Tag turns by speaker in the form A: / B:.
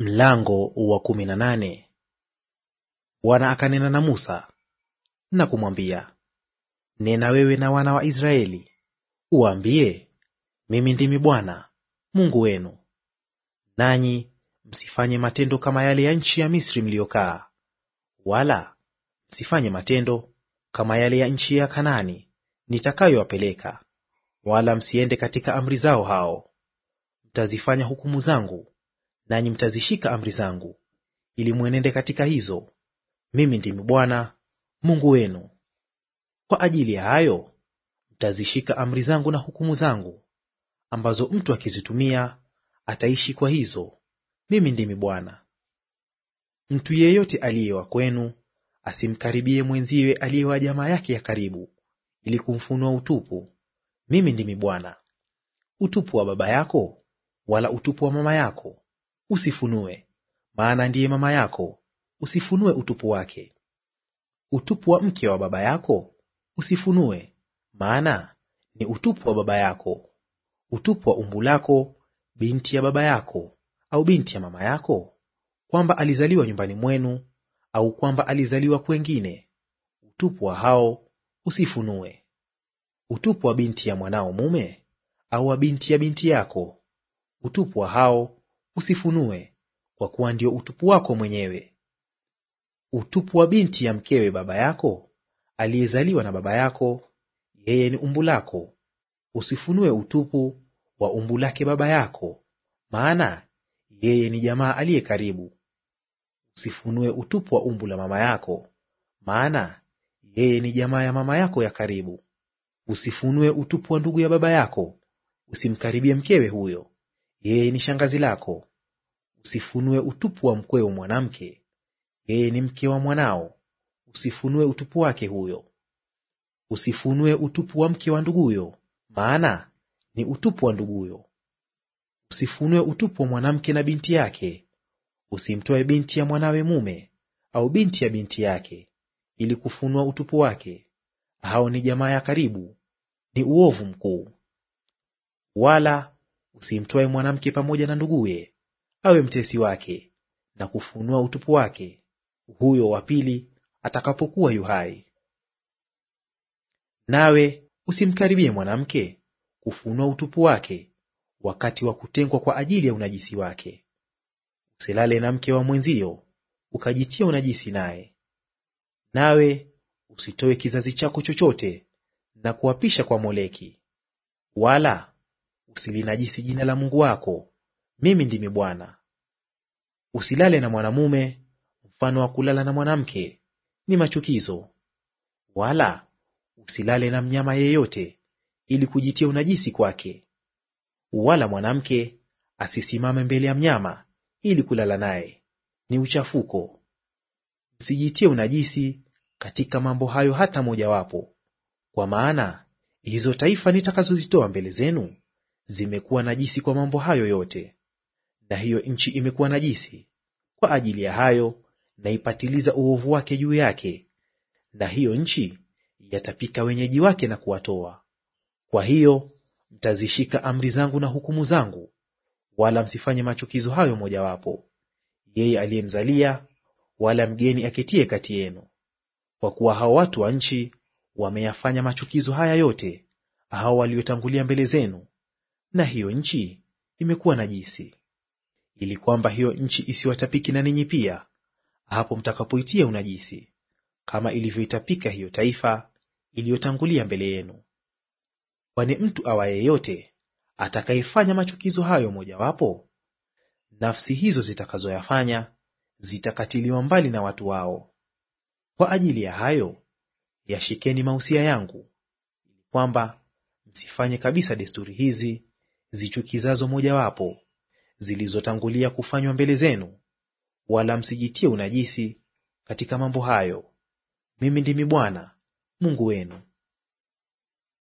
A: Mlango wa kumi na nane. Bwana akanena na Musa na kumwambia, nena wewe na wana wa Israeli uwaambie, mimi ndimi Bwana Mungu wenu, nanyi msifanye matendo kama yale ya nchi ya Misri mliyokaa, wala msifanye matendo kama yale ya nchi ya Kanaani nitakayowapeleka, wala msiende katika amri zao hao; mtazifanya hukumu zangu nanyi mtazishika amri zangu, ili mwenende katika hizo. Mimi ndimi Bwana Mungu wenu. Kwa ajili ya hayo mtazishika amri zangu na hukumu zangu, ambazo mtu akizitumia ataishi kwa hizo. Mimi ndimi Bwana. Mtu yeyote aliye wa kwenu asimkaribie mwenziwe aliye wa jamaa yake ya karibu, ili kumfunua utupu. Mimi ndimi Bwana. Utupu wa baba yako wala utupu wa mama yako usifunue, maana ndiye mama yako, usifunue utupu wake. Utupu wa mke wa baba yako usifunue, maana ni utupu wa baba yako. Utupu wa umbu lako, binti ya baba yako au binti ya mama yako, kwamba alizaliwa nyumbani mwenu au kwamba alizaliwa kwengine, utupu wa hao usifunue. Utupu wa binti ya mwanao mume au wa binti ya binti yako, utupu wa hao usifunue, kwa kuwa ndio utupu wako mwenyewe. Utupu wa binti ya mkewe baba yako aliyezaliwa na baba yako, yeye ni umbu lako; usifunue utupu wa umbu lake baba yako, maana yeye ni jamaa aliye karibu. Usifunue utupu wa umbu la mama yako, maana yeye ni jamaa ya mama yako ya karibu. Usifunue utupu wa ndugu ya baba yako; usimkaribie mkewe huyo yeye ni shangazi lako. Usifunue utupu wa mkweo mwanamke, yeye ni mke wa mwanao, usifunue utupu wake huyo. Usifunue utupu wa mke wa nduguyo, maana ni utupu wa nduguyo. Usifunue utupu wa mwanamke na binti yake. Usimtoe binti ya mwanawe mume, au binti ya binti yake, ili kufunua utupu wake. Hao ni jamaa ya karibu, ni uovu mkuu. Wala Usimtwae mwanamke pamoja na nduguye awe mtesi wake na kufunua utupu wake, huyo wa pili atakapokuwa yuhai. Nawe usimkaribie mwanamke kufunua utupu wake wakati wa kutengwa kwa ajili ya unajisi wake. Usilale na mke wa mwenzio ukajitia unajisi naye. Nawe usitoe kizazi chako chochote na kuapisha kwa Moleki, wala usilinajisi jina la Mungu wako. Mimi ndimi Bwana. Usilale na mwanamume, mfano wa kulala na mwanamke ni machukizo. Wala usilale na mnyama yeyote, ili kujitia unajisi kwake. Wala mwanamke asisimame mbele ya mnyama ili kulala naye, ni uchafuko. Usijitie unajisi katika mambo hayo hata mojawapo, kwa maana hizo taifa nitakazozitoa mbele zenu zimekuwa najisi kwa mambo hayo yote, na hiyo nchi imekuwa najisi kwa ajili ya hayo, naipatiliza uovu wake juu yake, na hiyo nchi yatapika wenyeji wake na kuwatoa. Kwa hiyo mtazishika amri zangu na hukumu zangu, wala msifanye machukizo hayo mojawapo, yeye aliyemzalia wala mgeni aketie kati yenu, kwa kuwa hao watu wa nchi wameyafanya machukizo haya yote, hao waliotangulia mbele zenu na hiyo nchi imekuwa najisi, ili kwamba hiyo nchi isiwatapiki na ninyi pia hapo mtakapoitia unajisi, kama ilivyoitapika hiyo taifa iliyotangulia mbele yenu. Kwani mtu awaye yote atakayefanya machukizo hayo mojawapo, nafsi hizo zitakazoyafanya zitakatiliwa mbali na watu wao. Kwa ajili ya hayo yashikeni mausia yangu, ili kwamba msifanye kabisa desturi hizi zichukizazo mojawapo zilizotangulia kufanywa mbele zenu, wala msijitie unajisi katika mambo hayo. Mimi ndimi Bwana Mungu wenu.